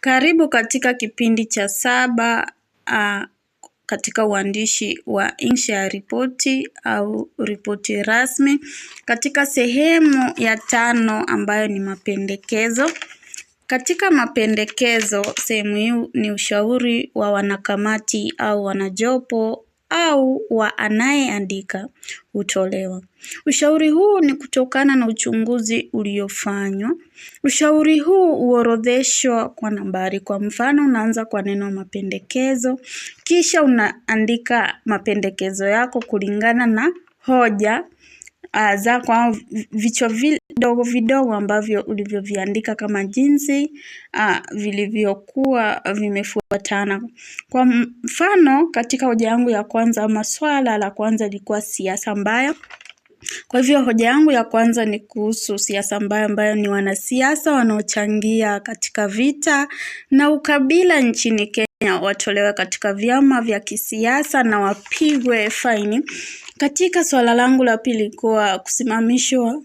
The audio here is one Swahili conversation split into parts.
Karibu katika kipindi cha saba uh, katika uandishi wa insha ya ripoti au ripoti rasmi katika sehemu ya tano ambayo ni mapendekezo. Katika mapendekezo, sehemu hii ni ushauri wa wanakamati au wanajopo au wa anayeandika hutolewa. Ushauri huu ni kutokana na uchunguzi uliofanywa. Ushauri huu huorodheshwa kwa nambari. Kwa mfano, unaanza kwa neno mapendekezo, kisha unaandika mapendekezo yako kulingana na hoja uh, ah, zako au vichwa vidogo vidogo ambavyo ulivyoviandika kama jinsi uh, vilivyokuwa vimefuatana. Kwa mfano, katika hoja yangu ya kwanza maswala la kwanza ilikuwa siasa mbaya. Kwa hivyo hoja yangu ya kwanza ni kuhusu siasa mbaya, ambayo ni wanasiasa wanaochangia katika vita na ukabila nchini Kenya watolewe katika vyama vya kisiasa na wapigwe faini. Katika suala langu la pili kuwa kusimamishwa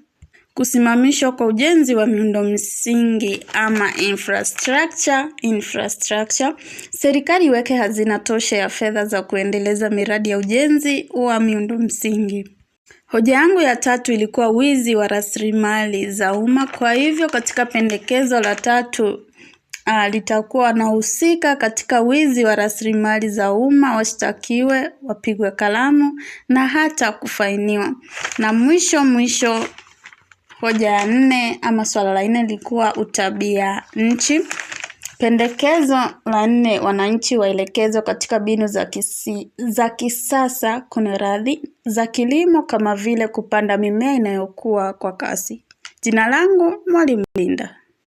kusimamishwa kwa ujenzi wa miundo msingi ama infrastructure, infrastructure. Serikali iweke hazina tosha ya fedha za kuendeleza miradi ya ujenzi wa miundo msingi. Hoja yangu ya tatu ilikuwa wizi wa rasilimali za umma. Kwa hivyo katika pendekezo la tatu uh, litakuwa wanahusika katika wizi wa rasilimali za umma, washtakiwe, wapigwe kalamu na hata kufainiwa. Na mwisho mwisho, hoja ya nne ama swala la nne lilikuwa utabia nchi. Pendekezo la nne, wananchi waelekezwe katika mbinu za, kisi, za kisasa kuna radhi za kilimo kama vile kupanda mimea inayokuwa kwa kasi. Jina langu Mwalimu Linda.